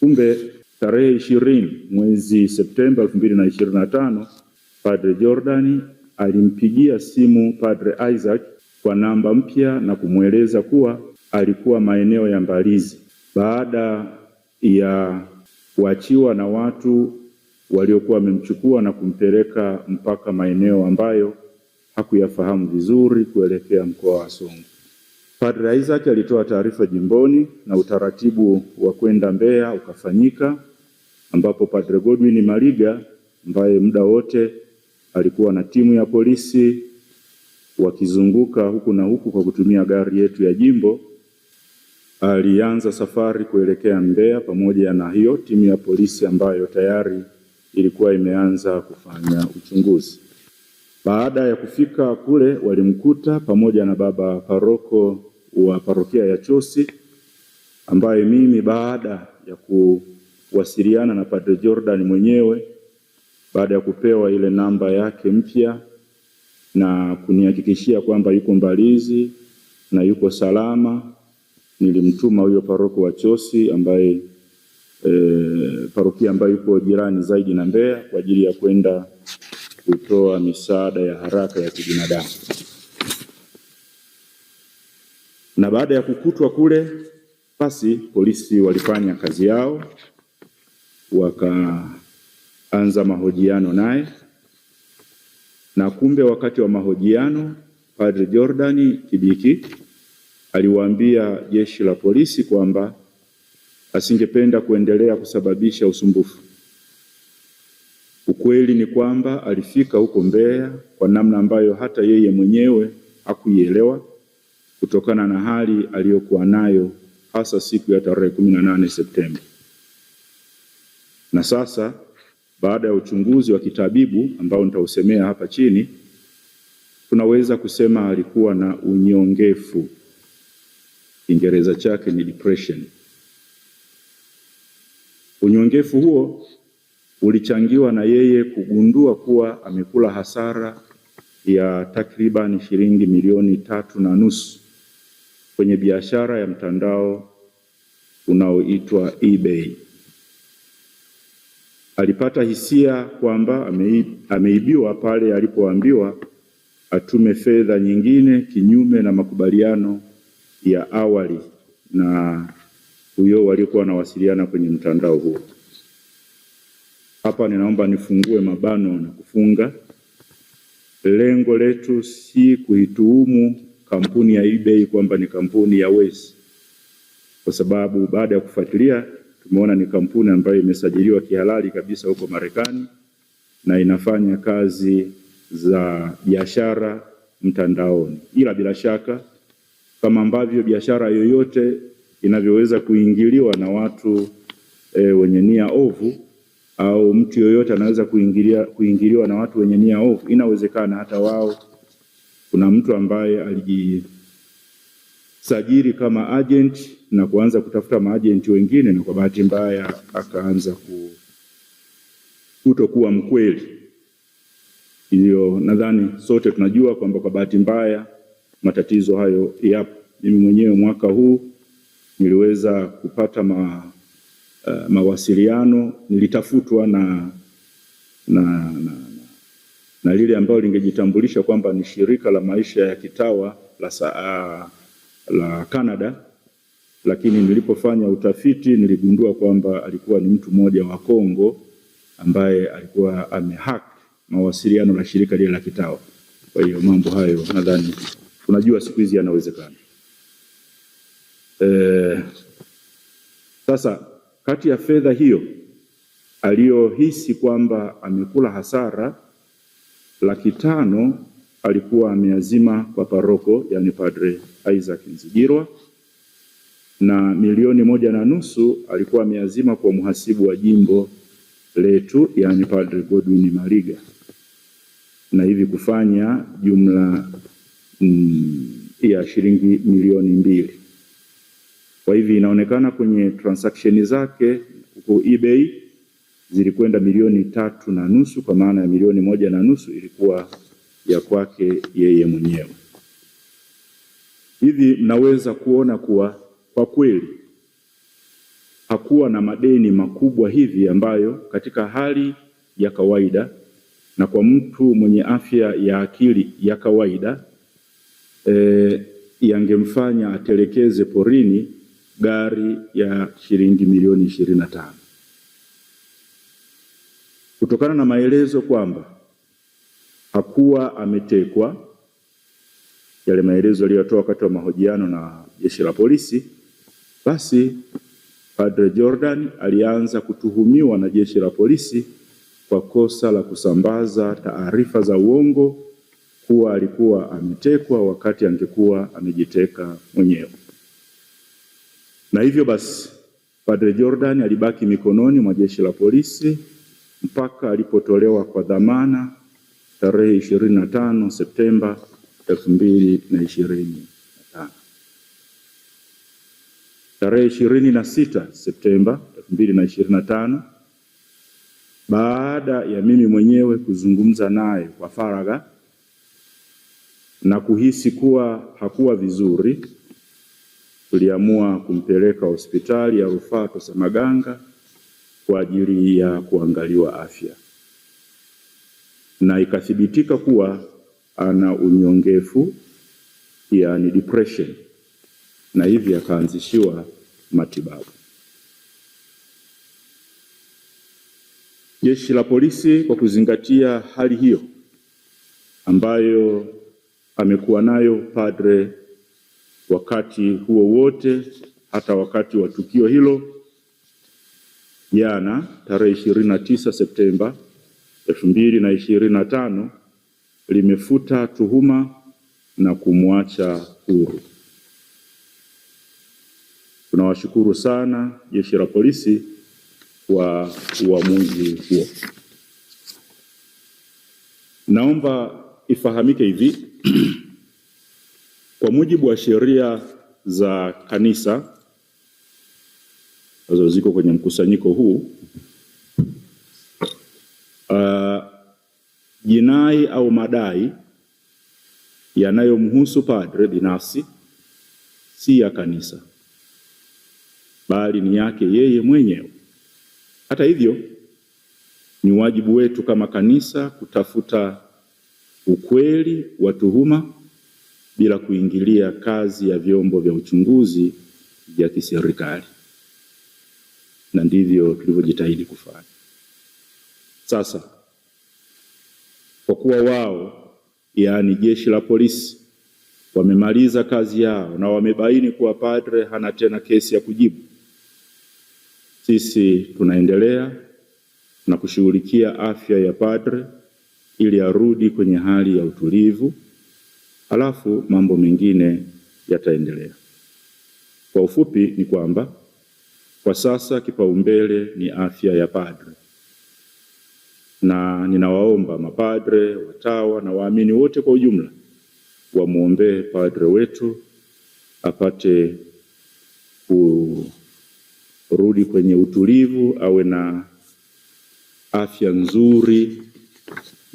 Kumbe tarehe ishirini mwezi Septemba elfu mbili na ishirini na tano Padre Jordan alimpigia simu Padre Isaac kwa namba mpya na kumweleza kuwa alikuwa maeneo ya Mbalizi baada ya kuachiwa na watu waliokuwa wamemchukua na kumpeleka mpaka maeneo ambayo hakuyafahamu vizuri kuelekea mkoa wa Songwe. Padre Isaac alitoa taarifa jimboni na utaratibu wa kwenda Mbeya ukafanyika, ambapo Padre Godwin Maliga ambaye muda wote alikuwa na timu ya polisi wakizunguka huku na huku kwa kutumia gari yetu ya jimbo, alianza safari kuelekea Mbeya pamoja na hiyo timu ya polisi ambayo tayari ilikuwa imeanza kufanya uchunguzi. Baada ya kufika kule, walimkuta pamoja na baba paroko wa parokia ya Chosi, ambaye mimi baada ya kuwasiliana na Padre Jordan mwenyewe baada ya kupewa ile namba yake mpya na kunihakikishia kwamba yuko Mbalizi na yuko salama, nilimtuma huyo paroko wa Chosi ambaye e, parokia ambayo yuko jirani zaidi na Mbeya kwa ajili ya kwenda kutoa misaada ya haraka ya kibinadamu. Na baada ya kukutwa kule, basi polisi walifanya kazi yao, wakaanza mahojiano naye, na kumbe, wakati wa mahojiano, Padre jordan Kibiki aliwaambia jeshi la polisi kwamba asingependa kuendelea kusababisha usumbufu Ukweli ni kwamba alifika huko Mbeya kwa namna ambayo hata yeye mwenyewe hakuielewa kutokana na hali aliyokuwa nayo hasa siku ya tarehe kumi Septemba. Na sasa baada ya uchunguzi wa kitabibu ambao nitausemea hapa chini, tunaweza kusema alikuwa na unyongefu, Kiingereza chake ni depression. Unyongefu huo ulichangiwa na yeye kugundua kuwa amekula hasara ya takriban shilingi milioni tatu na nusu kwenye biashara ya mtandao unaoitwa eBay. Alipata hisia kwamba ameibiwa pale alipoambiwa atume fedha nyingine kinyume na makubaliano ya awali na huyo waliokuwa wanawasiliana kwenye mtandao huo hapa ninaomba nifungue mabano na kufunga. Lengo letu si kuituhumu kampuni ya eBay kwamba ni kampuni ya wezi, kwa sababu baada ya kufuatilia tumeona ni kampuni ambayo imesajiliwa kihalali kabisa huko Marekani na inafanya kazi za biashara mtandaoni, ila bila shaka kama ambavyo biashara yoyote inavyoweza kuingiliwa na watu e, wenye nia ovu au mtu yoyote anaweza kuingilia, kuingiliwa na watu wenye nia ovu. Inawezekana hata wao, kuna mtu ambaye alijisajili kama agent na kuanza kutafuta maajenti wengine, na kwa bahati mbaya akaanza ku kutokuwa mkweli. Hiyo nadhani sote tunajua kwamba kwa bahati mbaya matatizo hayo yapo. Mimi mwenyewe mwaka huu niliweza kupata ma Eh, mawasiliano nilitafutwa na na, na, na, na lile ambalo lingejitambulisha kwamba ni shirika la maisha ya kitawa la, saa, la Canada, lakini nilipofanya utafiti niligundua kwamba alikuwa ni mtu mmoja wa Kongo ambaye alikuwa amehack mawasiliano la shirika lile la kitawa. Kwa hiyo mambo hayo nadhani unajua siku hizi yanawezekana. Eh, sasa kati ya fedha hiyo aliyohisi kwamba amekula hasara, laki tano alikuwa ameazima kwa paroko, yani Padre Isaac Nzigirwa, na milioni moja na nusu alikuwa ameazima kwa mhasibu wa jimbo letu, yani Padre Godwin Maliga, na hivi kufanya jumla mm, ya shilingi milioni mbili. Kwa hivyo inaonekana kwenye transaction zake huko eBay zilikwenda milioni tatu na nusu kwa maana ya milioni moja na nusu ilikuwa ya kwake yeye mwenyewe. Hivi mnaweza kuona kuwa kwa kweli hakuwa na madeni makubwa hivi ambayo katika hali ya kawaida na kwa mtu mwenye afya ya akili ya kawaida e, yangemfanya atelekeze porini gari ya shilingi milioni ishirini na tano kutokana na maelezo kwamba hakuwa ametekwa, yale maelezo aliyotoa wakati wa mahojiano na jeshi la polisi. Basi Padre Jordan alianza kutuhumiwa na jeshi la polisi kwa kosa la kusambaza taarifa za uongo kuwa alikuwa ametekwa wakati angekuwa amejiteka mwenyewe. Na hivyo basi Padre Jordan alibaki mikononi mwa jeshi la polisi mpaka alipotolewa kwa dhamana tarehe 25 Septemba elfu Tarehe ishirini Septemba 2025, baada ya mimi mwenyewe kuzungumza naye kwa faragha na kuhisi kuwa hakuwa vizuri tuliamua kumpeleka hospitali ya rufaa Tosamaganga kwa ajili ya kuangaliwa afya, na ikathibitika kuwa ana unyongefu, yaani depression, na hivi akaanzishiwa matibabu. Jeshi la Polisi kwa kuzingatia hali hiyo ambayo amekuwa nayo Padre wakati huo wote hata wakati wa tukio hilo jana tarehe ishirini na tisa Septemba elfu mbili na ishirini na tano limefuta tuhuma na kumwacha huru. Tunawashukuru sana jeshi la polisi kwa uamuzi huo. Naomba ifahamike hivi Kwa mujibu wa sheria za kanisa ambazo ziko kwenye mkusanyiko huu, uh, jinai au madai yanayomhusu padre binafsi si ya kanisa, bali ni yake yeye mwenyewe. Hata hivyo, ni wajibu wetu kama kanisa kutafuta ukweli wa tuhuma bila kuingilia kazi ya vyombo vya uchunguzi vya kiserikali, na ndivyo tulivyojitahidi kufanya. Sasa kwa kuwa wao, yaani jeshi la polisi, wamemaliza kazi yao na wamebaini kuwa padre hana tena kesi ya kujibu, sisi tunaendelea na kushughulikia afya ya padre ili arudi kwenye hali ya utulivu halafu mambo mengine yataendelea. Kwa ufupi ni kwamba kwa sasa kipaumbele ni afya ya padre, na ninawaomba mapadre, watawa na waamini wote kwa ujumla wamwombee padre wetu apate kurudi kwenye utulivu, awe na afya nzuri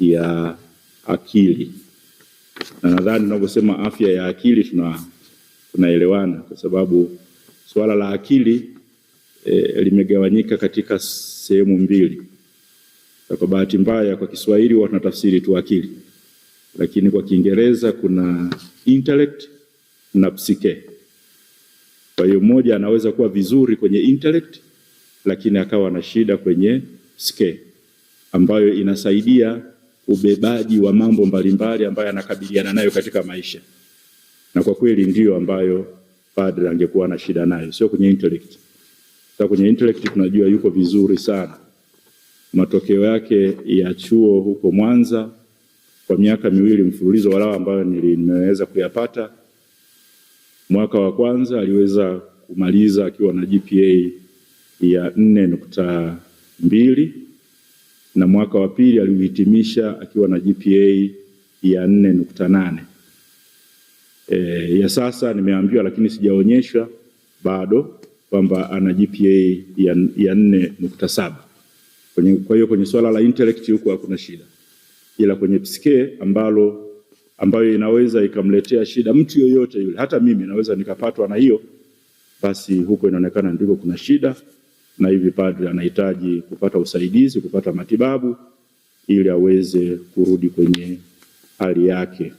ya akili na nadhani tunavyosema afya ya akili tuna tunaelewana kwa sababu suala la akili e, limegawanyika katika sehemu mbili. Kwa bahati mbaya, kwa Kiswahili huwa tunatafsiri tu akili, lakini kwa Kiingereza kuna intellect na psyche. Kwa hiyo mmoja anaweza kuwa vizuri kwenye intellect, lakini akawa na shida kwenye psyche ambayo inasaidia ubebaji wa mambo mbalimbali ambayo anakabiliana nayo katika maisha, na kwa kweli ndiyo ambayo padre angekuwa na shida nayo, sio kwenye intellect. Sasa kwenye intellect tunajua yuko vizuri sana. Matokeo yake ya chuo huko Mwanza kwa miaka miwili mfululizo walao ambayo nimeweza kuyapata, mwaka wa kwanza aliweza kumaliza akiwa na GPA ya nne nukta mbili na mwaka wa pili aliuhitimisha akiwa na GPA ya 4.8. Eh, ya sasa nimeambiwa lakini sijaonyeshwa bado kwamba ana GPA ya, ya 4.7. Kwa hiyo kwenye swala la intellect huko hakuna shida, ila kwenye psyche ambalo ambayo inaweza ikamletea shida mtu yoyote yule, hata mimi naweza nikapatwa na hiyo, basi huko inaonekana ndiko kuna shida na hivi padri anahitaji kupata usaidizi, kupata matibabu ili aweze kurudi kwenye hali yake.